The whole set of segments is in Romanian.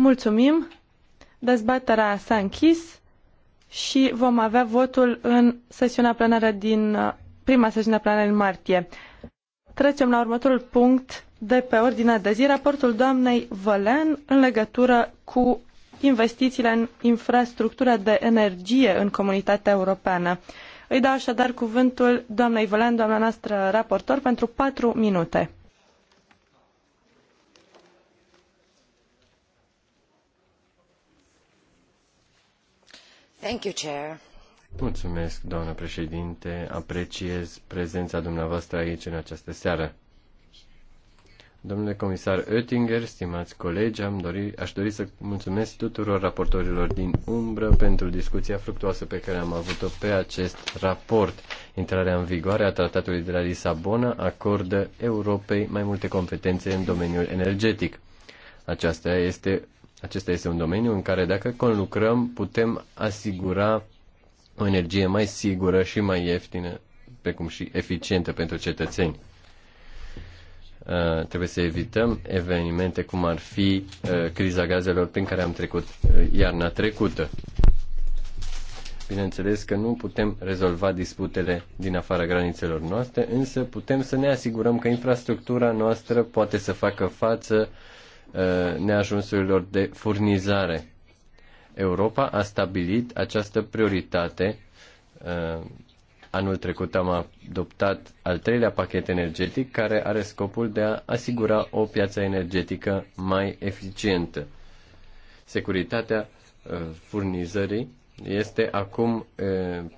Mulțumim. Dezbaterea s-a închis și vom avea votul în sesiunea plenară din prima sesiune plenară din martie. Trecem la următorul punct de pe ordinea de zi, raportul doamnei Vălean în legătură cu investițiile în infrastructura de energie în comunitatea europeană. Îi dau așadar cuvântul doamnei Vălean, doamna noastră raportor, pentru patru minute. Mulțumesc, doamnă președinte. Apreciez prezența dumneavoastră aici în această seară. Domnule comisar Oettinger, stimați colegi, am dori, aș dori să mulțumesc tuturor raportorilor din umbră pentru discuția fructuoasă pe care am avut-o pe acest raport. Intrarea în vigoare a Tratatului de la Lisabona acordă Europei mai multe competențe în domeniul energetic. Aceasta este acesta este un domeniu în care dacă conlucrăm putem asigura o energie mai sigură și mai ieftină, precum și eficientă pentru cetățeni. Uh, trebuie să evităm evenimente cum ar fi uh, criza gazelor prin care am trecut uh, iarna trecută. Bineînțeles că nu putem rezolva disputele din afara granițelor noastre, însă putem să ne asigurăm că infrastructura noastră poate să facă față uh, Uh, neajunsurilor de furnizare. Europa a stabilit această prioritate. Uh, anul trecut am adoptat al treilea pachet energetic care are scopul de a asigura o piață energetică mai eficientă. Securitatea uh, furnizării este acum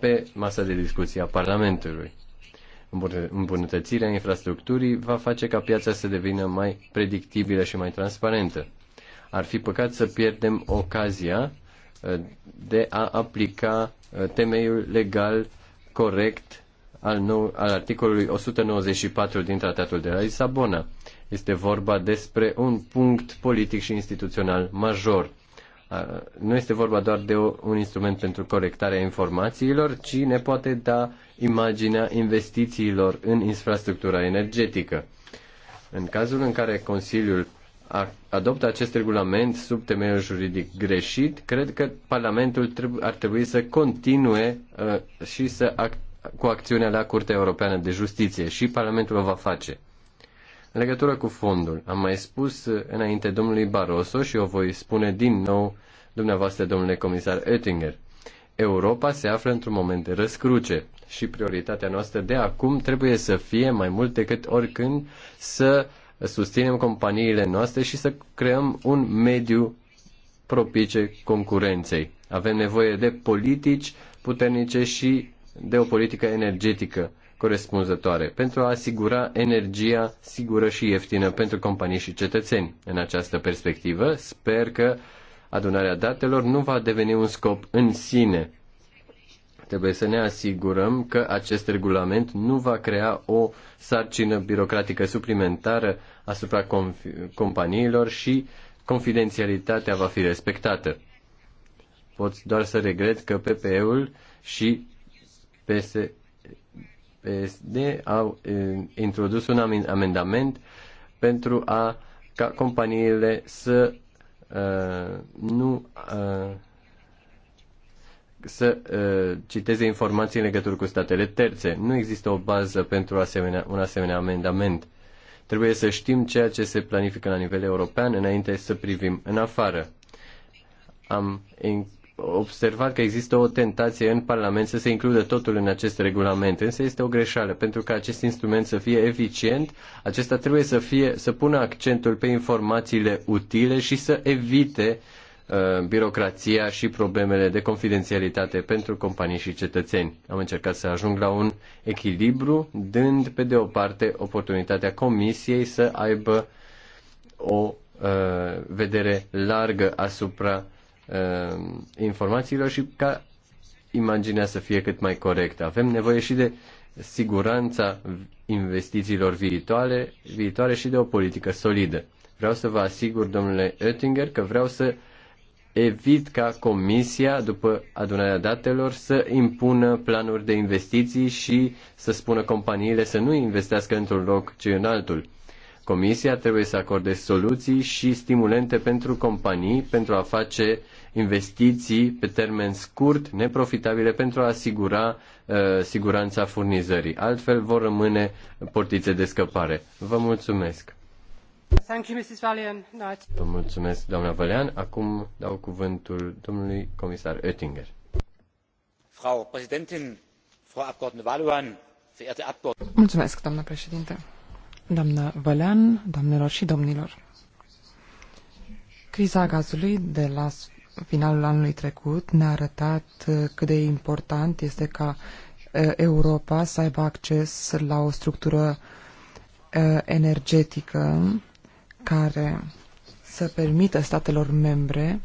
pe masa de discuție a Parlamentului. Îmbunătățirea infrastructurii va face ca piața să devină mai predictibilă și mai transparentă. Ar fi păcat să pierdem ocazia uh, de a aplica uh, temeiul legal corect al, nou, al articolului 194 din Tratatul de la Lisabona. Este vorba despre un punct politic și instituțional major nu este vorba doar de un instrument pentru colectarea informațiilor, ci ne poate da imaginea investițiilor în infrastructura energetică. În cazul în care Consiliul adoptă acest regulament sub temeiul juridic greșit, cred că Parlamentul ar trebui să continue și să ac- cu acțiunea la Curtea Europeană de Justiție și Parlamentul o va face. În legătură cu fondul, am mai spus înainte domnului Barroso și o voi spune din nou dumneavoastră, domnule comisar Oettinger. Europa se află într-un moment de răscruce și prioritatea noastră de acum trebuie să fie mai mult decât oricând să susținem companiile noastre și să creăm un mediu propice concurenței. Avem nevoie de politici puternice și de o politică energetică corespunzătoare pentru a asigura energia sigură și ieftină pentru companii și cetățeni. În această perspectivă, sper că adunarea datelor nu va deveni un scop în sine. Trebuie să ne asigurăm că acest regulament nu va crea o sarcină birocratică suplimentară asupra companiilor și confidențialitatea va fi respectată. Pot doar să regret că PPE-ul și PS PSD au introdus un amendament pentru a ca companiile să uh, nu uh, să uh, citeze informații în legătură cu statele terțe. Nu există o bază pentru asemenea, un asemenea amendament. Trebuie să știm ceea ce se planifică la nivel european înainte să privim în afară. Am observat că există o tentație în Parlament să se includă totul în acest regulament, însă este o greșeală. Pentru că acest instrument să fie eficient, acesta trebuie să, fie, să pună accentul pe informațiile utile și să evite uh, birocrația și problemele de confidențialitate pentru companii și cetățeni. Am încercat să ajung la un echilibru, dând pe de o parte oportunitatea Comisiei să aibă o uh, vedere largă asupra uh, Uh, informațiilor și ca imaginea să fie cât mai corectă. Avem nevoie și de siguranța investițiilor viitoare, viitoare și de o politică solidă. Vreau să vă asigur, domnule Oettinger, că vreau să evit ca Comisia, după adunarea datelor, să impună planuri de investiții și să spună companiile să nu investească într-un loc, ci în altul. Comisia trebuie să acorde soluții și stimulente pentru companii pentru a face uh, investiții pe termen scurt, neprofitabile, pentru a asigura uh, siguranța furnizării. Altfel vor rămâne portițe de scăpare. Vă mulțumesc! Vă mulțumesc, doamna Valian. Acum dau cuvântul domnului comisar Oettinger. Frau Präsidentin, Frau Abgeordnete Valuan, verehrte Abgeordnete. Mulțumesc, doamna președinte. Doamna Valean, doamnelor și domnilor, criza gazului de la finalul anului trecut ne-a arătat uh, cât de important este ca uh, Europa să aibă acces la o structură uh, energetică care să permită statelor membre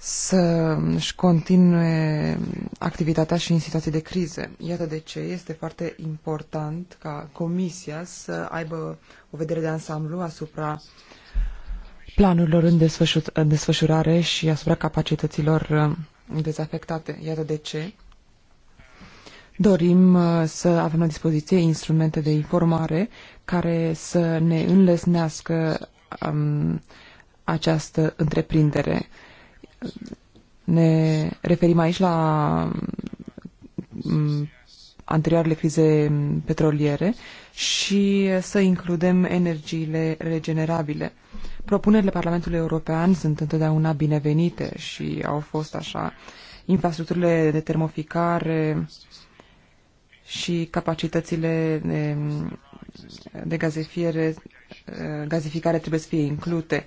să își continue activitatea și în situații de crize. Iată de ce este foarte important ca Comisia să aibă o vedere de ansamblu asupra planurilor în, desfășur- în desfășurare și asupra capacităților uh, dezafectate. Iată de ce dorim uh, să avem la dispoziție instrumente de informare care să ne înlesnească um, această întreprindere. Ne referim aici la um, anterioarele crize petroliere și să includem energiile regenerabile. Propunerile Parlamentului European sunt întotdeauna binevenite și au fost așa infrastructurile de termoficare și capacitățile de, de gazificare trebuie să fie incluse.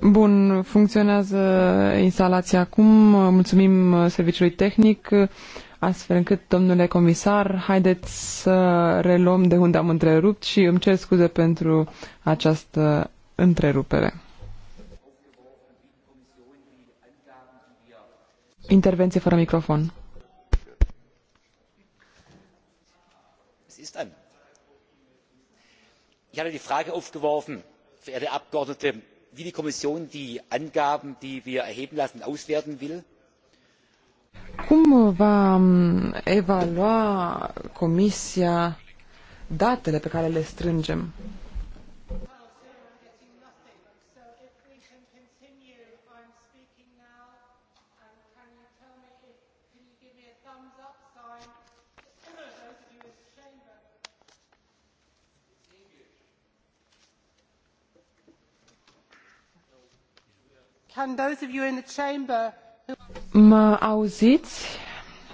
Bun, funcționează instalația acum. Mulțumim serviciului tehnic, astfel încât, domnule comisar, haideți să reluăm de unde am întrerupt și îmi cer scuze pentru această întrerupere. Intervenție fără microfon. ich hatte die frage aufgeworfen verehrte abgeordnete wie die kommission die angaben die wir erheben lassen auswerten will. cum va um, evalua comisia datele pe care le strângem? Mă auziți?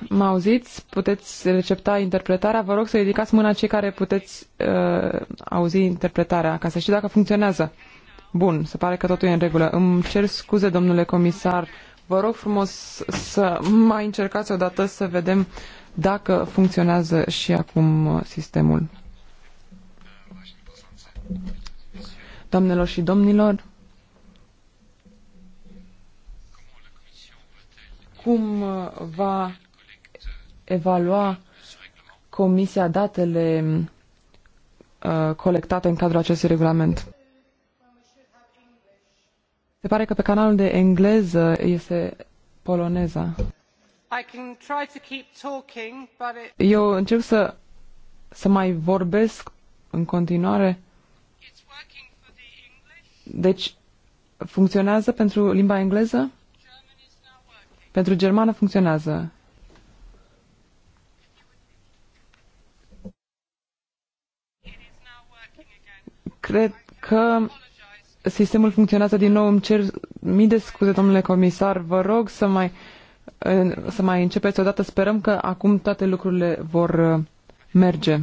Mă auziți? Puteți recepta interpretarea? Vă rog să ridicați mâna cei care puteți uh, auzi interpretarea, ca să știu dacă funcționează. Bun, se pare că totul e în regulă. Îmi cer scuze, domnule comisar. Vă rog frumos să mai încercați o dată să vedem dacă funcționează și acum sistemul. Doamnelor și domnilor, cum uh, va evalua Comisia datele uh, colectate în cadrul acestui regulament. Se pare că pe canalul de engleză este poloneza. Eu încerc să, să mai vorbesc în continuare. Deci, funcționează pentru limba engleză? Pentru germană funcționează. Cred că sistemul funcționează din nou. Îmi cer mii de scuze, domnule comisar. Vă rog să mai, să mai începeți odată. Sperăm că acum toate lucrurile vor uh, merge.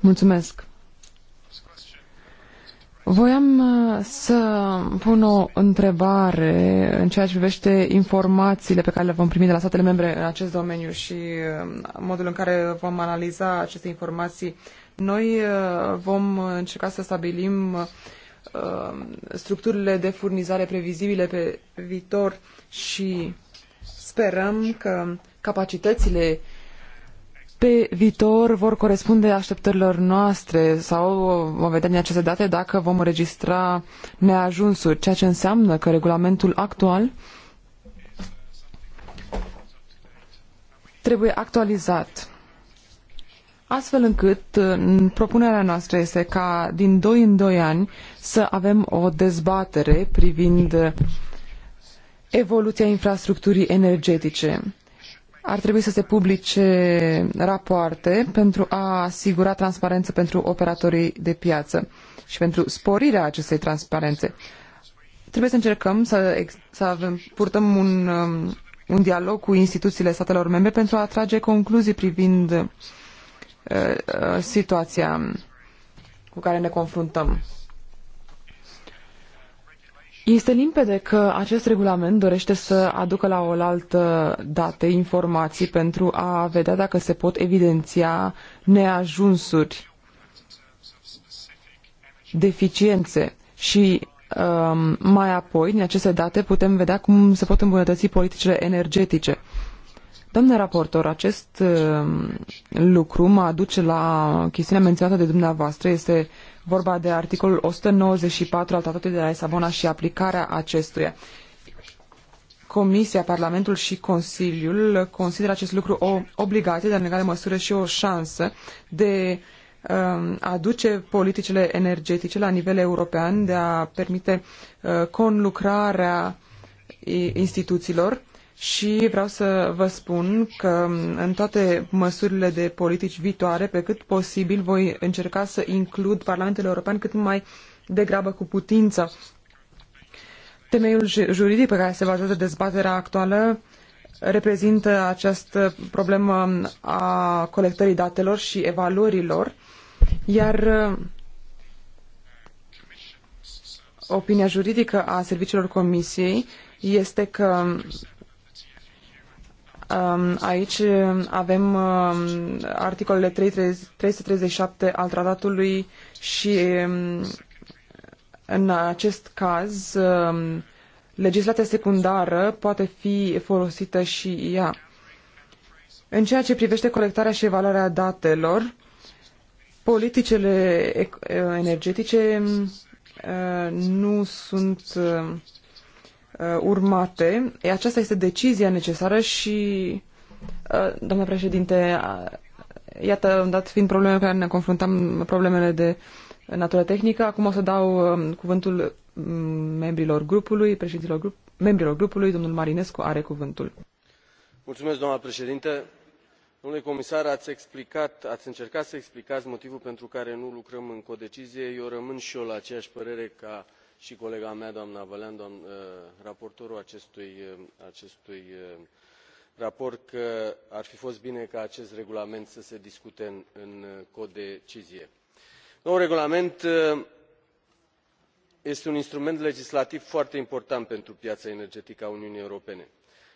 Mulțumesc. Voiam uh, să pun o întrebare în ceea ce privește informațiile pe care le vom primi de la statele membre în acest domeniu și uh, modul în care vom analiza aceste informații. Noi uh, vom încerca să stabilim structurile de furnizare previzibile pe viitor și sperăm că capacitățile uh, pe viitor vor corespunde așteptărilor noastre sau vom vedea din aceste date dacă vom registra neajunsuri, ceea ce înseamnă că regulamentul actual trebuie actualizat. Astfel încât propunerea noastră este ca din 2 în 2 ani să avem o dezbatere privind evoluția infrastructurii energetice ar trebui să se publice rapoarte pentru a asigura transparență pentru operatorii de piață și pentru sporirea acestei transparențe. Trebuie să încercăm să, să avem, purtăm un, um, un dialog cu instituțiile statelor membre pentru a atrage concluzii privind uh, uh, situația cu care ne confruntăm. Este limpede că acest regulament dorește să aducă la oaltă date, informații pentru a vedea dacă se pot evidenția neajunsuri, deficiențe și um, mai apoi, din aceste date, putem vedea cum se pot îmbunătăți politicile energetice. Domnule raportor, acest um, lucru mă aduce la chestiunea menționată de dumneavoastră. Este vorba de articolul 194 al Tratatului de la Lisabona și aplicarea acestuia. Comisia, Parlamentul și Consiliul consideră acest lucru o obligație, dar în egală măsură și o șansă de um, a aduce politicile energetice la nivel european, de a permite uh, conlucrarea instituțiilor și vreau să vă spun că în toate măsurile de politici viitoare, pe cât posibil, voi încerca să includ Parlamentul European cât mai degrabă cu putință. Temeiul juridic pe care se bazează dezbaterea actuală reprezintă această problemă a colectării datelor și evaluărilor, iar uh, opinia juridică a serviciilor Comisiei este că Um, aici um, avem um, articolele 337 al tratatului și în acest caz legislația secundară poate fi folosită și ea. În ceea ce privește colectarea și evaluarea datelor, politicele energetice uh, nu sunt uh, Uh, urmate. Aceasta este decizia necesară și, uh, președinte, uh, iată, dat fiind problemele care ne confruntam, problemele de natură tehnică, acum o să dau um, cuvântul mm, membrilor grupului, președinților grup, membrilor grupului, domnul Marinescu are cuvântul. Mulțumesc, doamna președinte. Domnule comisar, ați, explicat, ați încercat să explicați motivul pentru care nu lucrăm în codecizie. Eu rămân și eu la aceeași părere ca și colega mea doamna vălean uh, raportorul acestui uh, uh, raport că ar fi fost bine ca acest regulament să se discute în codecizie. noul regulament este un instrument legislativ foarte important pentru piața energetică a uniunii europene.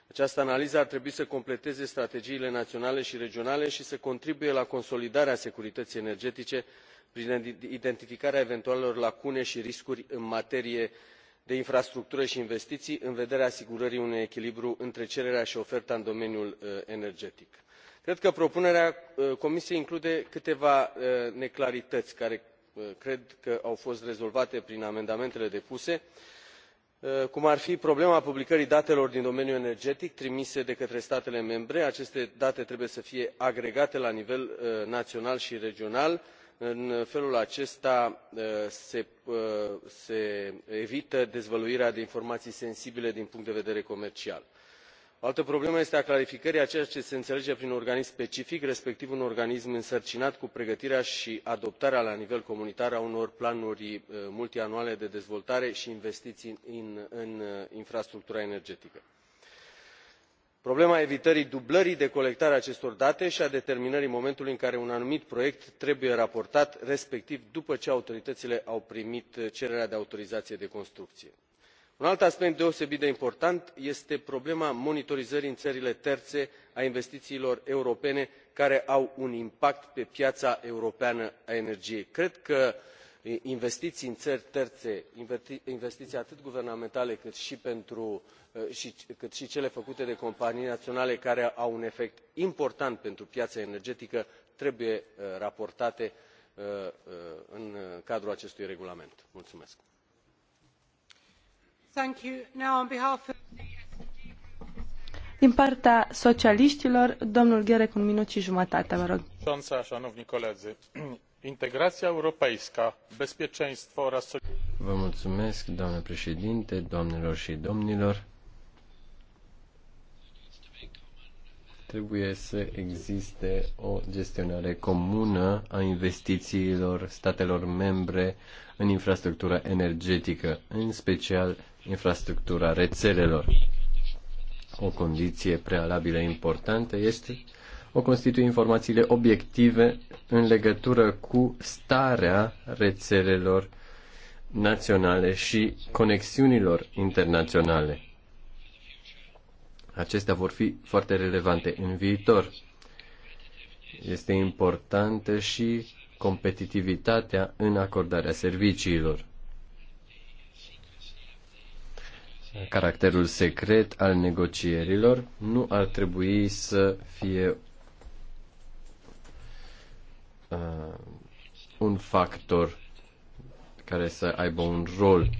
această analiză ar trebui să completeze strategiile naționale și regionale și să contribuie la consolidarea securității energetice prin identificarea eventualelor lacune i riscuri în materie de infrastructură i investiii în vederea asigurării unui echilibru între cererea i oferta în domeniul uh, energetic. cred că propunerea uh, comisiei include câteva uh, neclarităi care cred că au fost rezolvate prin amendamentele depuse cum ar fi problema publicării datelor din domeniul energetic trimise de către statele membre aceste date trebuie să fie agregate la nivel naional i regional i în felul acesta ă, ă, se, evită dezvăluirea de informații sensibile din punct de vedere comercial. o altă problemă este a clarificării a ceea ce se înțelege prin organism specific respectiv un organism însărcinat cu pregătirea și adoptarea la nivel comunitar a unor planuri ă, multianuale de dezvoltare și investiții în infrastructura energetică problema evitării dublării de colectare a acestor date și a determinării momentului în care un anumit proiect trebuie raportat respectiv după ce autoritățile au primit cererea de autorizație de construcție. un alt aspect deosebit de important este problema monitorizării în țările terțe a investițiilor europene care au un impact pe piața europeană a energiei. cred că investiții în țări terțe investiții atât guvernamentale cât și, cele făcute de companii naționale care au un efect important pentru piața energetică trebuie raportate în cadrul acestui regulament. Mulțumesc. Din partea socialiștilor, domnul Gherec, un minut și jumătate, vă rog integracja europeană, bezpieczeństwo oraz Trebuie să existe o gestionare comună a investițiilor statelor membre în infrastructura energetică, în special infrastructura rețelelor. O condiție prealabilă importantă este o constituie informațiile obiective în legătură cu starea rețelelor naționale și conexiunilor internaționale. Acestea vor fi foarte relevante în viitor. Este importantă și competitivitatea în acordarea serviciilor. Caracterul secret al negocierilor nu ar trebui să fie uh, un factor care să aibă un rol.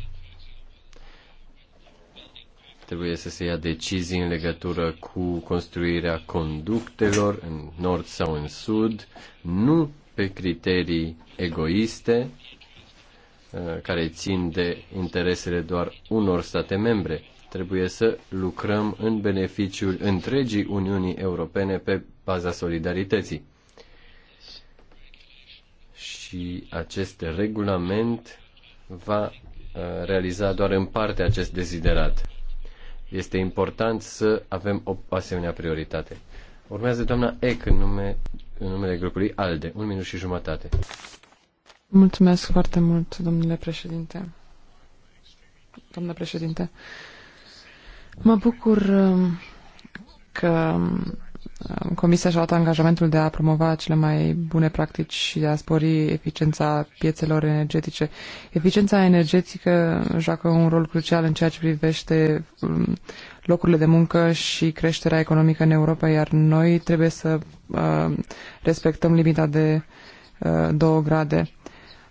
Trebuie să se ia decizii în legătură cu construirea conductelor în nord sau în sud, nu pe criterii egoiste uh, care țin de interesele doar unor state membre. Trebuie să lucrăm în beneficiul întregii Uniunii Europene pe baza solidarității și acest regulament va uh, realiza doar în parte acest deziderat. Este important să avem o asemenea prioritate. Urmează doamna Eck în, nume, în numele grupului ALDE. Un minut și jumătate. Mulțumesc foarte mult, domnule președinte. Domnule președinte, mă bucur um, că Comisia și-a luat angajamentul de a promova cele mai bune practici și de a spori eficiența piețelor energetice. Eficiența energetică joacă un rol crucial în ceea ce privește um, locurile de muncă și creșterea economică în Europa, iar noi trebuie să uh, respectăm limita de 2 uh, grade.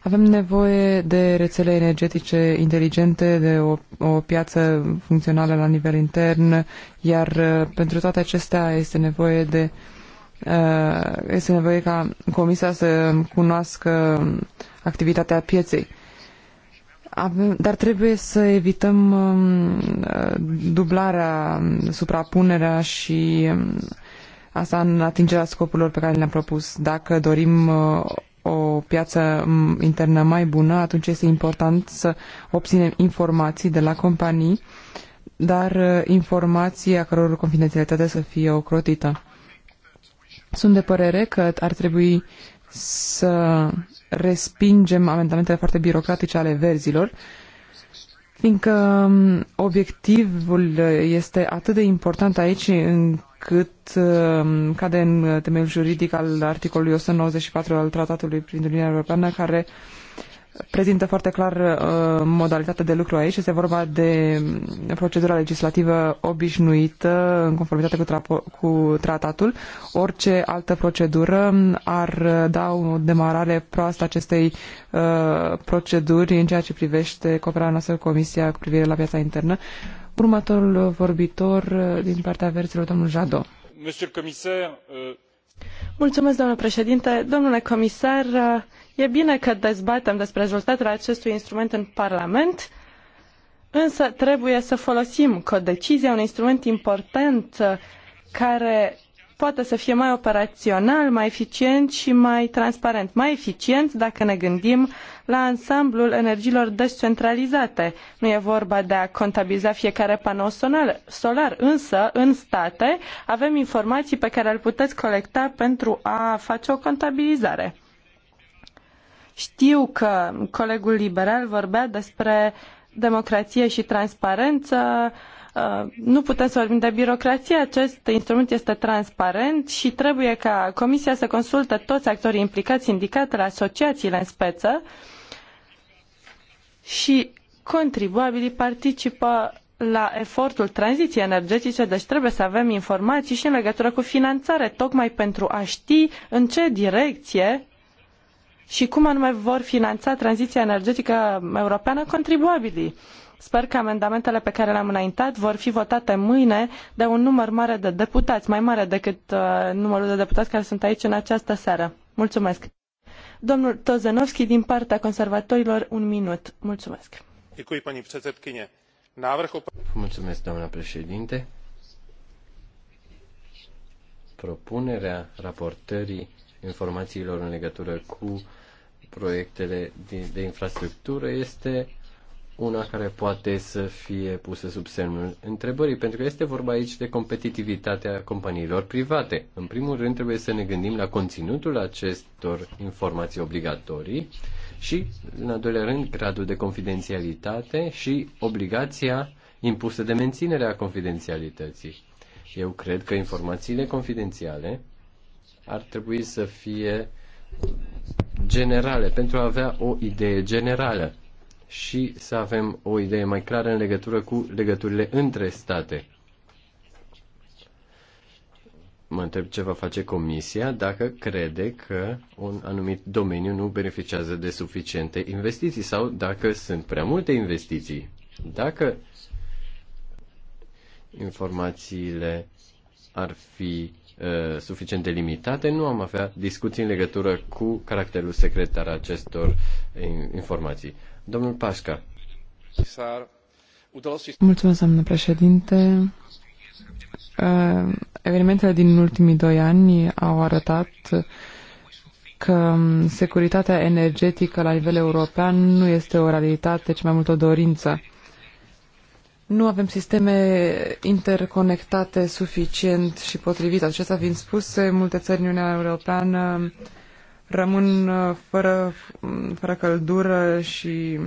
Avem nevoie de rețele energetice inteligente, de o, o piață funcțională la nivel intern, iar uh, pentru toate acestea este nevoie de uh, este nevoie ca Comisia să cunoască activitatea pieței. Avem, dar trebuie să evităm um, uh, dublarea, suprapunerea și um, asta în atingerea scopurilor pe care le-am propus. Dacă dorim o piață internă mai bună, atunci este important să obținem informații de la companii, dar uh, informații a căror confidențialitate să fie ocrotită. Sunt de părere că ar trebui să respingem amendamentele foarte birocratice ale verzilor, fiindcă obiectivul uh, este atât de important aici în cât um, cade în uh, temeiul juridic al articolului 194 al Tratatului privind Uniunea Europeană, care prezintă foarte clar uh, modalitatea de lucru aici. Este vorba de um, procedura legislativă obișnuită în conformitate cu, cu tratatul. Orice altă procedură um, ar uh, da o demarare proastă acestei uh, proceduri în ceea ce privește cooperarea noastră cu Comisia cu privire la piața internă. Uh, Următorul vorbitor uh, din partea verzilor, domnul Jadot. Uh, Mulțumesc, domnule președinte. Domnule comisar, uh, e bine că dezbatem despre rezultatele acestui instrument în Parlament, însă trebuie să folosim codecizia, un instrument important care poată să fie mai operațional, mai eficient și mai transparent. Mai eficient dacă ne gândim la ansamblul energiilor descentralizate. Nu e vorba de a contabiliza fiecare panou solar, însă în state avem informații pe care le puteți colecta pentru a face o contabilizare. Știu că colegul liberal vorbea despre democrație și transparență, uh, Uh, nu putem să vorbim de birocrație. Acest instrument este transparent și trebuie ca Comisia să consulte toți actorii implicați, sindicatele, asociațiile în speță și contribuabilii participă la efortul tranziției energetice, deci trebuie să avem informații și în legătură cu finanțare, tocmai pentru a ști în ce direcție și cum anume vor finanța tranziția energetică europeană contribuabilii. Sper că amendamentele pe care le-am înaintat vor fi votate mâine de un număr mare de deputați, mai mare decât uh, numărul de deputați care sunt aici în această seară. Mulțumesc. Domnul Tozenovski din partea conservatorilor, un minut. Mulțumesc. Mulțumesc, doamna președinte. Propunerea raportării informațiilor în legătură cu proiectele de, de infrastructură este una care poate să fie pusă sub semnul întrebării, pentru că este vorba aici de competitivitatea companiilor private. În primul rând trebuie să ne gândim la conținutul acestor informații obligatorii și, în al doilea rând, gradul de confidențialitate și obligația impusă de menținere a confidențialității. Eu cred că informațiile confidențiale ar trebui să fie generale, pentru a avea o idee generală și să avem o idee mai clară în legătură cu legăturile între state. Mă întreb ce va face Comisia dacă crede că un anumit domeniu nu beneficiază de suficiente investiții sau dacă sunt prea multe investiții. Dacă informațiile ar fi uh, suficient de limitate, nu am avea discuții în legătură cu caracterul secret al acestor uh, informații. Domnul Pașca. Mulțumesc, doamnă președinte. Uh, evenimentele din ultimii doi ani au arătat că um, securitatea energetică la nivel european nu este o realitate, ci mai mult o dorință. Nu avem sisteme interconectate suficient și potrivit. Acestea fiind spuse, multe țări în Uniunea Europeană rămân uh, fără, mm, fără căldură și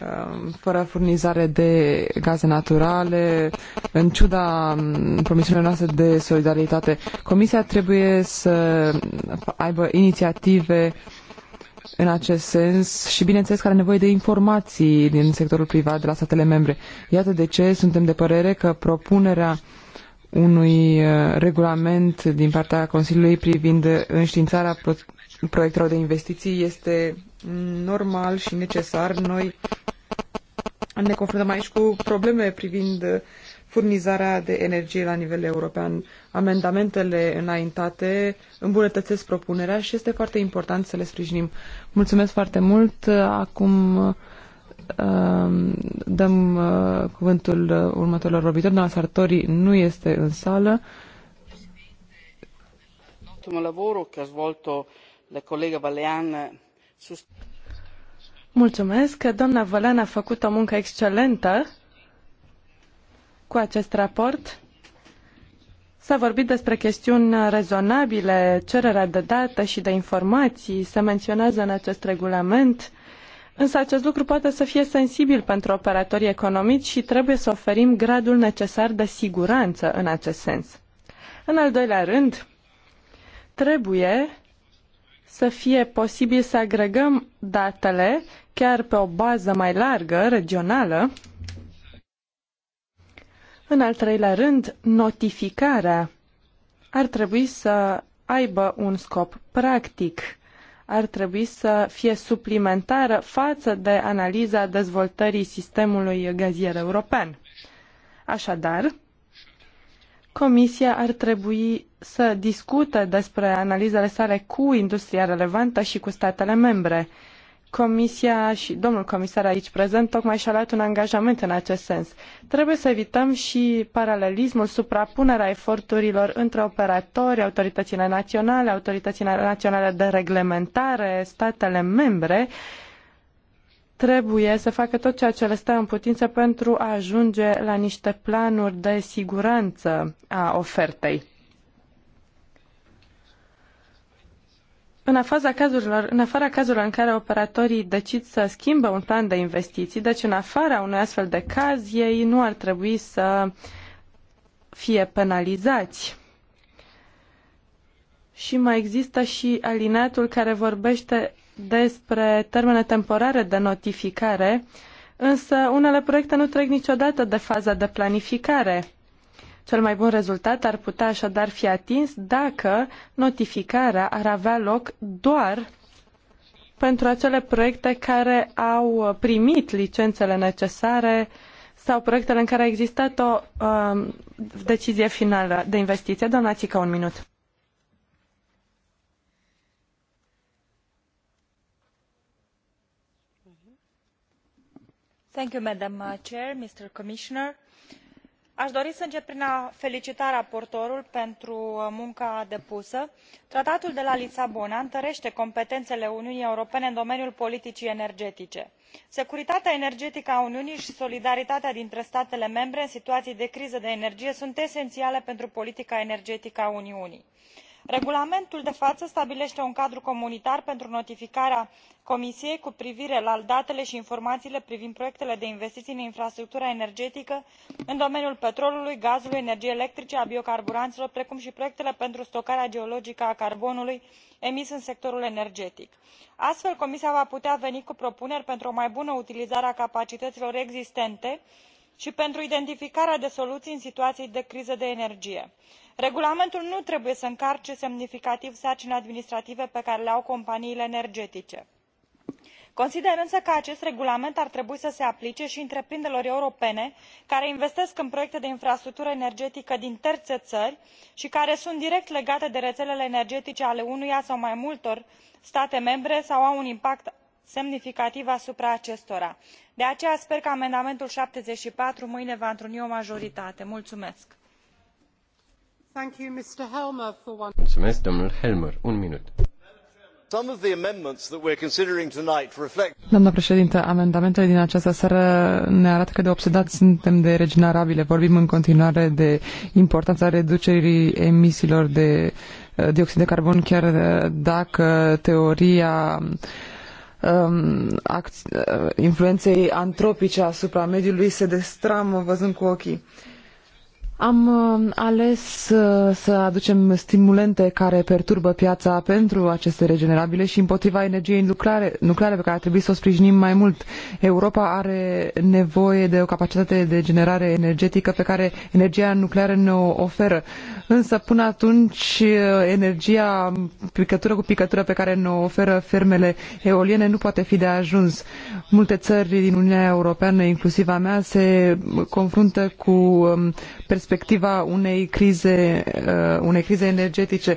uh, fără furnizare de gaze naturale, în ciuda mm, promisiunilor noastre de solidaritate. Comisia trebuie să aibă inițiative în acest sens și, bineînțeles, că are nevoie de informații din sectorul privat de la statele membre. Iată de ce suntem de părere că propunerea uh, unui uh, regulament din partea Consiliului privind înștiințarea pro proiectelor de investiții este normal și necesar. Noi ne confruntăm aici cu probleme privind furnizarea de energie la nivel european. Amendamentele înaintate îmbunătățesc propunerea și este foarte important să le sprijinim. Mulțumesc foarte mult. Acum Ehm, dăm uh, cuvântul uh, următorilor vorbitori. Doamna Sartori nu este în sală. Eh, Mulțumesc. Doamna Valean a făcut o muncă excelentă cu acest raport. S-a vorbit despre chestiuni rezonabile, cererea de date și de informații. Se menționează în acest regulament Însă acest lucru poate să fie sensibil pentru operatorii economici și trebuie să oferim gradul necesar de siguranță în acest sens. În al doilea rând, trebuie să fie posibil să agregăm datele chiar pe o bază mai largă, regională. În al treilea rând, notificarea ar trebui să aibă un scop practic ar trebui să fie suplimentară față de analiza dezvoltării sistemului gazier european. Așadar, Comisia ar trebui să discute despre analizele sale cu industria relevantă și cu statele membre Comisia și domnul comisar aici prezent tocmai și-a luat un angajament în acest sens. Trebuie să evităm și paralelismul, suprapunerea eforturilor între operatori, autoritățile naționale, autoritățile naționale de reglementare, statele membre. Trebuie să facă tot ceea ce le stă în putință pentru a ajunge la niște planuri de siguranță a ofertei. în afara, cazurilor, în afara cazurilor în care operatorii decid să schimbe un plan de investiții, deci în afara unui astfel de caz, ei nu ar trebui să fie penalizați. Și mai există și alineatul care vorbește despre termene temporare de notificare, însă unele proiecte nu trec niciodată de faza de planificare. Cel mai bun rezultat ar putea așadar fi atins dacă notificarea ar avea loc doar pentru acele proiecte care au primit licențele necesare sau proiectele în care a existat o um, decizie finală de investiție. Doamna Țică, un minut. Thank you, Madam uh, Chair, Mr. Commissioner a dori să încep prin a felicita raportorul pentru uh, munca depusă. tratatul de la lisabona întărete competenele uniunii europene în domeniul politicii energetice. securitatea energetică a uniunii i solidaritatea dintre statele membre în situaii de criză de energie sunt eseniale pentru politica energetică a uniunii regulamentul de faă stabilește un cadru comunitar pentru notificarea comisiei cu privire la datele și informațiile privind proiectele de investiții în infrastructura energetică în domeniul petrolului gazului energiei electrice a biocarburanilor precum și proiectele pentru stocarea geologică a carbonului emis în sectorul energetic. astfel comisia va putea veni cu propuneri pentru o mai bună utilizare a capacităților existente și pentru identificarea de soluții în situații de criză de energie regulamentul nu trebuie să încarce semnificativ sarcinile administrative pe care le au companiile energetice. consider însă că acest regulament ar trebui să se aplice i întreprinderilor europene care investesc în proiecte de infrastructură energetică din tere ări i care sunt direct legate de reelele energetice ale unuia sau mai multor state membre sau au un impact semnificativ asupra acestora. de aceea sper că amendamentul șaptezeci și patru mâine va întruni o majoritate. mulumesc. Mulțumesc, Helmer. Un minut. Doamnă președinte, amendamentele din această seară ne arată cât de obsedați suntem de regenerabile. Vorbim în continuare de importanța reducerii emisiilor de eh, dioxid de carbon, chiar eh, dacă teoria ehm, eh, influenței antropice asupra mediului se destramă văzând cu ochii. Uh, am uh, ales uh, să aducem stimulente care perturbă piața pentru aceste regenerabile și împotriva energiei nucleare, nucleare pe care ar trebui să o sprijinim mai mult. Europa are nevoie de o capacitate de generare energetică pe care energia nucleară ne o oferă. Însă până atunci energia picătură cu picătură pe care ne o oferă fermele eoliene nu poate fi de ajuns. Multe țări din Uniunea Europeană, inclusiv a mea, se confruntă cu um, perspectiva unei crize, uh, unei crize energetice.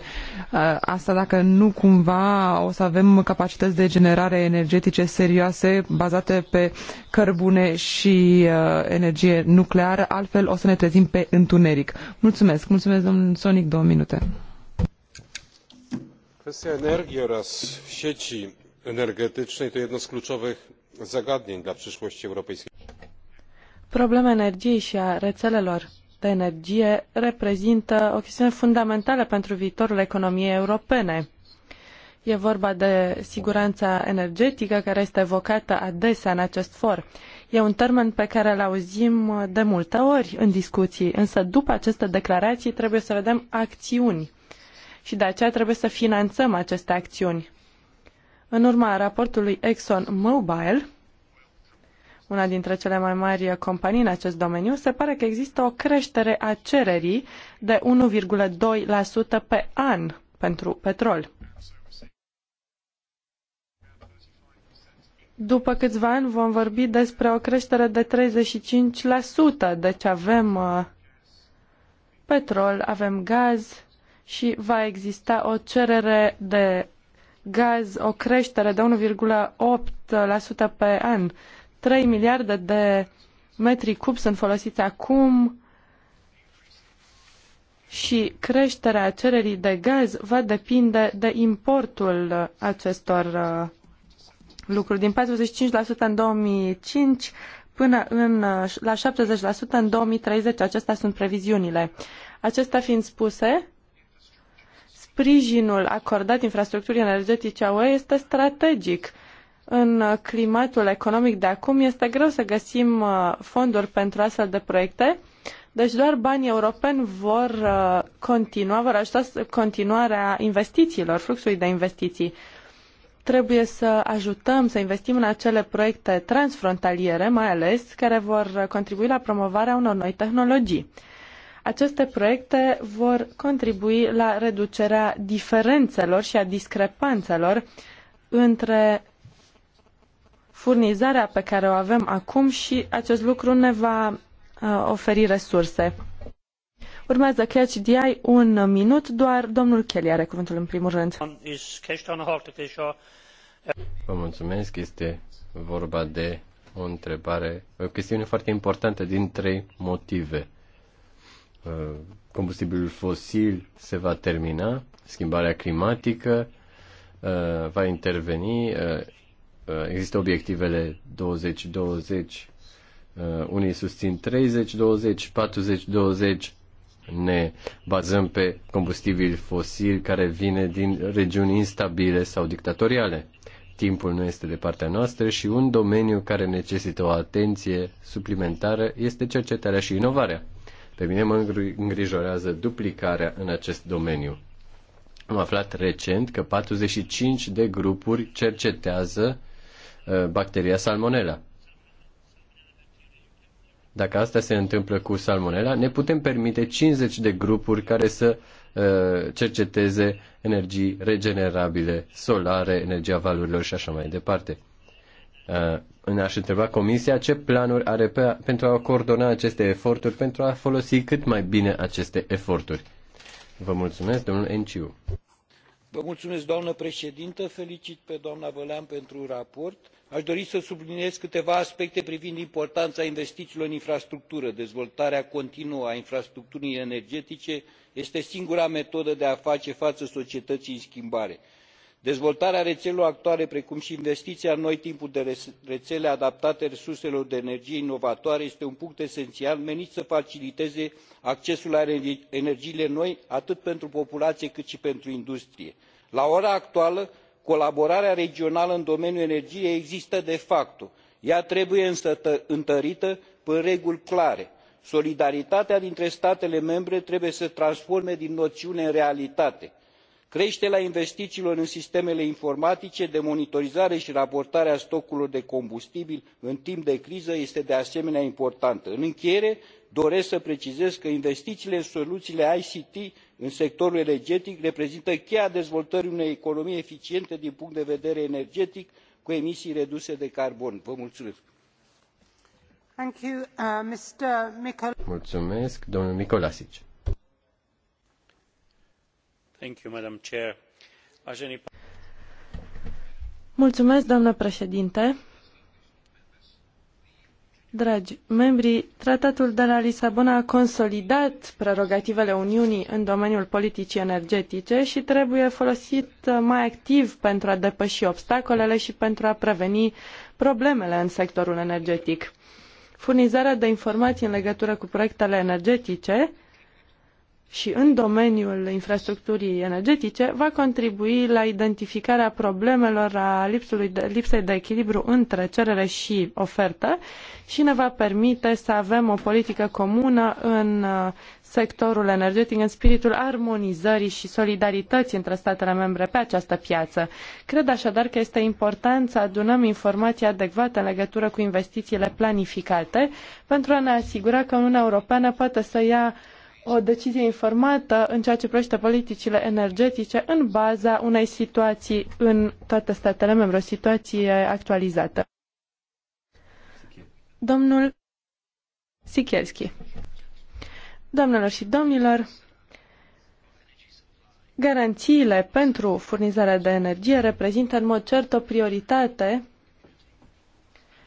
Uh, asta dacă nu cumva o să avem capacități de generare energetice serioase bazate pe cărbune și uh, energie nucleară, altfel o să ne trezim pe întuneric. Mulțumesc, mulțumesc domnule Sonic, minute. Kwestia energii oraz sieci energetycznej to jedno z kluczowych zagadnień dla przyszłości europejskiej. Problema energiei și a rețelelor de energie reprezintă o chestiune fundamentală pentru viitorul economiei europene. E vorba de siguranța energetică care este evocată adesea în acest for. E un termen pe care îl auzim uh, de multe ori în discuții, însă după aceste declarații trebuie să vedem acțiuni și de aceea trebuie să finanțăm aceste acțiuni. În urma raportului Exxon Mobil, una dintre cele mai mari companii în acest domeniu, se pare că există o creștere a cererii de 1,2% pe an pentru petrol. după câțiva ani vom vorbi despre o creștere de 35%, deci avem uh, petrol, avem gaz și va exista o cerere de gaz, o creștere de 1,8% pe an. 3 miliarde de metri cub sunt folosiți acum și creșterea cererii de gaz va depinde de importul acestor uh, lucru, din 45% în 2005 până în, la 70% în 2030. Acestea sunt previziunile. Acestea fiind spuse, sprijinul acordat infrastructurii energetice a UE este strategic. În climatul economic de acum este greu să găsim uh, fonduri pentru astfel de proiecte, deci doar banii europeni vor uh, continua, vor ajuta continuarea investițiilor, fluxului de investiții. Trebuie să ajutăm să investim în acele proiecte transfrontaliere, mai ales, care vor contribui la promovarea unor noi tehnologii. Aceste proiecte vor contribui la reducerea diferențelor și a discrepanțelor între furnizarea pe care o avem acum și acest lucru ne va uh, oferi resurse. Urmează Catch DI un minut, doar domnul Kelly are cuvântul în primul rând. Vă mulțumesc, este vorba de o întrebare, o chestiune foarte importantă din trei motive. Uh, combustibilul fosil se va termina, schimbarea climatică uh, va interveni, uh, există obiectivele 20-20, unii susțin 30-20, 40-20, ne bazăm pe combustibili fosili care vine din regiuni instabile sau dictatoriale. Timpul nu este de partea noastră și un domeniu care necesită o atenție suplimentară este cercetarea și inovarea. Pe mine mă îngrijorează duplicarea în acest domeniu. Am aflat recent că 45 de grupuri cercetează uh, bacteria Salmonella dacă asta se întâmplă cu salmonella, ne putem permite 50 de grupuri care să uh, cerceteze energii regenerabile, solare, energia valurilor și așa mai departe. În uh, aș întreba Comisia ce planuri are pe, pentru a coordona aceste eforturi, pentru a folosi cât mai bine aceste eforturi. Vă mulțumesc, domnul Enciu doamnă președintă felicit pe doamna vălean pentru raport. aș dori să subliniez câteva aspecte privind importanța investițiilor în infrastructură dezvoltarea continuă a infrastructurii energetice este singura metodă de a face față societății în schimbare dezvoltarea reelelor actuale precum i investiia în noi tipuri de reele adaptate resurselor de energie inovatoare este un punct esenial menit să faciliteze accesul la energiile noi atât pentru populaie cât i pentru industrie. la ora actuală colaborarea regională în domeniul energiei există de facto ea trebuie însă întărită prin reguli clare. solidaritatea dintre statele membre trebuie să se transforme din noiune în realitate creterea investiiilor în sistemele informatice de monitorizare i raportare a stocurilor de combustibil în timp de criză este de asemenea importantă. în încheiere doresc să precizez că investiiile în soluiile ict în sectorul energetic reprezintă cheia dezvoltării unei economii eficiente din punct de vedere energetic cu emisii reduse de carbon. Vă mulțumesc. Uh, mulțumesc, Mulțumesc, președinte. Dragi membri, tratatul de la Lisabona a consolidat prerogativele Uniunii în domeniul politicii energetice și trebuie folosit mai activ pentru a depăși obstacolele și pentru a preveni problemele în sectorul energetic. Furnizarea de informații în legătură cu proiectele energetice și în domeniul infrastructurii energetice va contribui la identificarea problemelor a lipsului de, lipsei de echilibru între cerere și ofertă și ne va permite să avem o politică comună în uh, sectorul energetic în spiritul armonizării și solidarității între statele membre pe această piață. Cred așadar că este important să adunăm informații adecvate în legătură cu investițiile planificate pentru a ne asigura că Uniunea Europeană poate să ia o decizie informată în ceea ce privește politicile energetice în baza unei situații în toate statele membre, o situație actualizată. Domnul Sikierski. domnilor și domnilor, garanțiile pentru furnizarea de energie reprezintă în mod cert o prioritate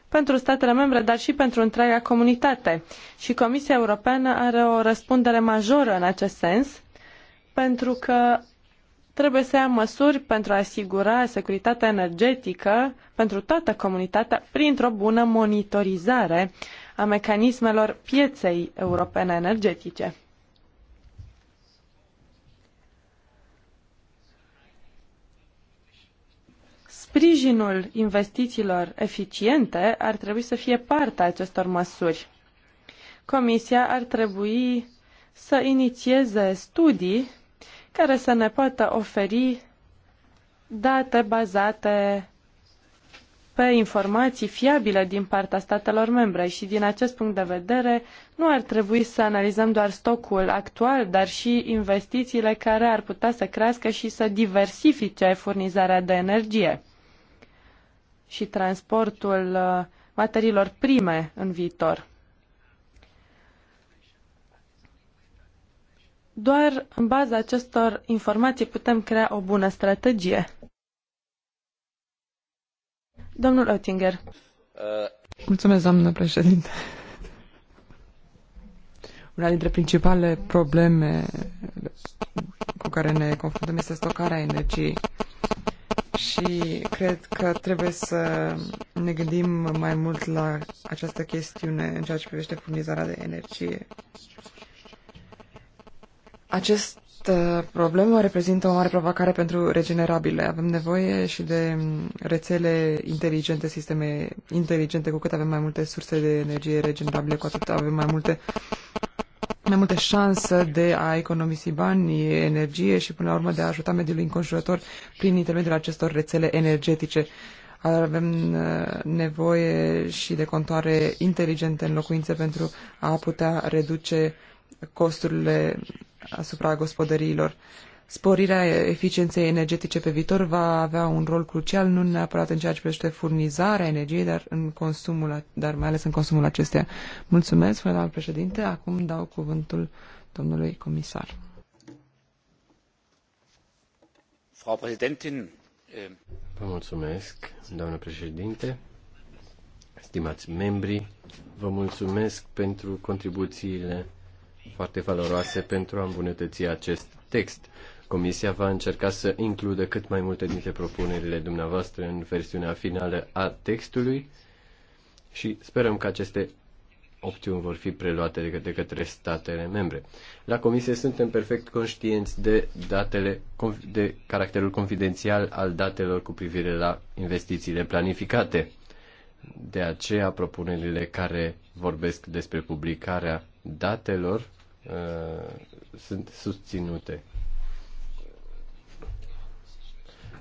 pentru statele membre, dar și pentru întreaga comunitate. Și Comisia Europeană are o răspundere majoră în acest sens, pentru că trebuie să ia măsuri pentru a asigura securitatea energetică pentru toată comunitatea printr-o bună monitorizare a mecanismelor pieței europene energetice. Sprijinul investițiilor eficiente ar trebui să fie parte a acestor măsuri. Comisia ar trebui să inițieze studii care să ne poată oferi date bazate pe informații fiabile din partea statelor membre și din acest punct de vedere nu ar trebui să analizăm doar stocul actual, dar și investițiile care ar putea să crească și să diversifice furnizarea de energie și transportul uh, materiilor prime în viitor. Doar în baza acestor informații putem crea o bună strategie. Domnul Oettinger. Uh. Mulțumesc, doamnă președinte. Una dintre principalele probleme cu care ne confruntăm este stocarea energiei și cred că trebuie să ne gândim mai mult la această chestiune în ceea ce privește furnizarea de energie. Această problemă reprezintă o mare provocare pentru regenerabile. Avem nevoie și de rețele inteligente, sisteme inteligente, cu cât avem mai multe surse de energie regenerabile, cu atât avem mai multe uh, mai multe șanse de a economisi bani, energie și până la urmă de a ajuta mediul înconjurător prin intermediul acestor rețele energetice. Avem uh, nevoie și de contoare inteligente în locuințe pentru a putea reduce costurile asupra gospodăriilor. Sporirea eficienței energetice pe viitor va avea un rol crucial, nu neapărat în ceea ce privește furnizarea energiei, dar, în consumul, dar mai ales în consumul acesteia. Mulțumesc, doamna președinte. Acum dau cuvântul domnului comisar. Frau Präsidentin. Eh, vă mulțumesc, doamnă președinte. Stimați membri, vă mulțumesc pentru contribuțiile foarte valoroase pentru a îmbunătăți acest text. Comisia va încerca să includă cât mai multe dintre propunerile dumneavoastră în versiunea finală a textului și sperăm că aceste opțiuni vor fi preluate de, către statele membre. La Comisie suntem perfect conștienți de datele, de caracterul confidențial al datelor cu privire la investițiile planificate. De aceea, propunerile care vorbesc despre publicarea datelor uh, sunt susținute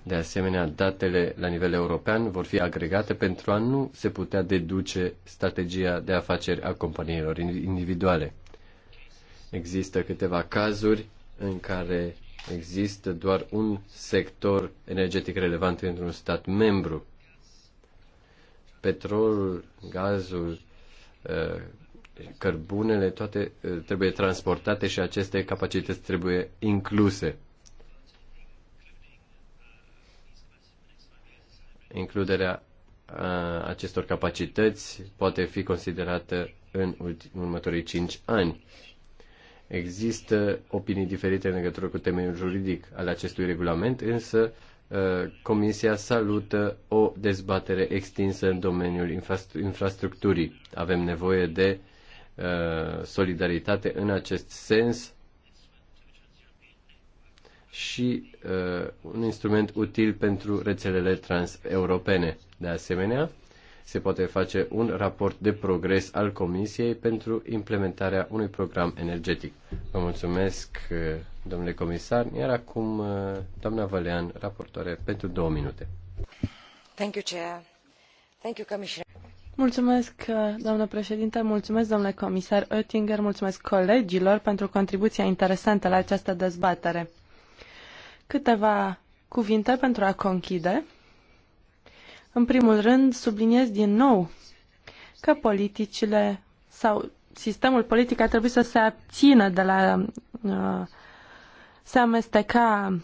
de asemenea, datele la nivel european vor fi agregate pentru a nu se putea deduce strategia de afaceri a companiilor individuale. Există câteva cazuri în care există doar un sector energetic relevant într-un stat membru. Petrolul, gazul, eh, cărbunele, toate eh, trebuie transportate și aceste capacități trebuie incluse. includerea acestor capacități poate fi considerată în următorii 5 ani. Există opinii diferite în legătură cu temeiul juridic al acestui regulament, însă Comisia salută o dezbatere extinsă în domeniul infrastructurii. Avem nevoie de solidaritate în acest sens și uh, un instrument util pentru rețelele transeuropene. De asemenea, se poate face un raport de progres al Comisiei pentru implementarea unui program energetic. Vă mulțumesc, uh, domnule comisar, iar acum uh, doamna Valean, raportoare, pentru două minute. Thank you, Chair. Thank you, Commissioner. Mulțumesc, uh, doamnă președinte, mulțumesc, domnule comisar Oettinger, mulțumesc colegilor pentru contribuția interesantă la această dezbatere. Câteva cuvinte pentru a conchide. În primul rând, subliniez din nou că politicile sau sistemul politic ar trebui să se abțină de la uh, se amesteca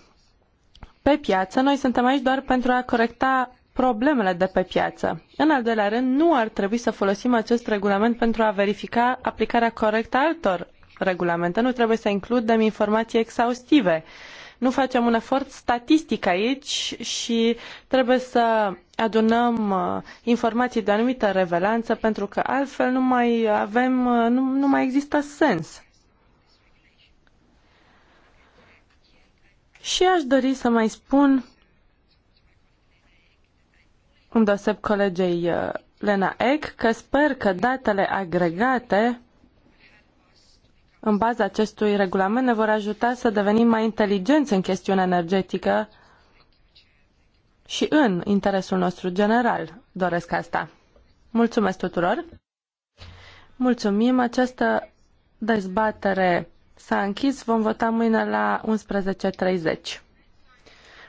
pe piață. Noi suntem aici doar pentru a corecta problemele de pe piață. În al doilea rând, nu ar trebui să folosim acest regulament pentru a verifica aplicarea corectă a altor regulamente. Nu trebuie să includem informații exhaustive uh, nu facem un efort statistic aici și trebuie să adunăm uh, informații de anumită revelanță pentru că altfel nu mai avem, uh, nu, nu mai există sens. Și aș dori să mai spun, îmi deoseb colegei uh, Lena Eck, că sper că datele agregate în baza acestui regulament ne vor ajuta să devenim mai inteligenți în chestiunea energetică și în interesul nostru general. Doresc asta. Mulțumesc tuturor! Mulțumim! Această dezbatere s-a închis. Vom vota mâine la 11.30.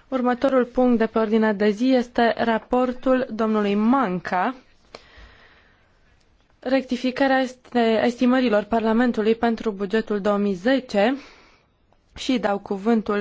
Următorul punct de pe ordinea de zi este raportul domnului Manca rectificarea estimărilor Parlamentului pentru bugetul 2010 și dau cuvântul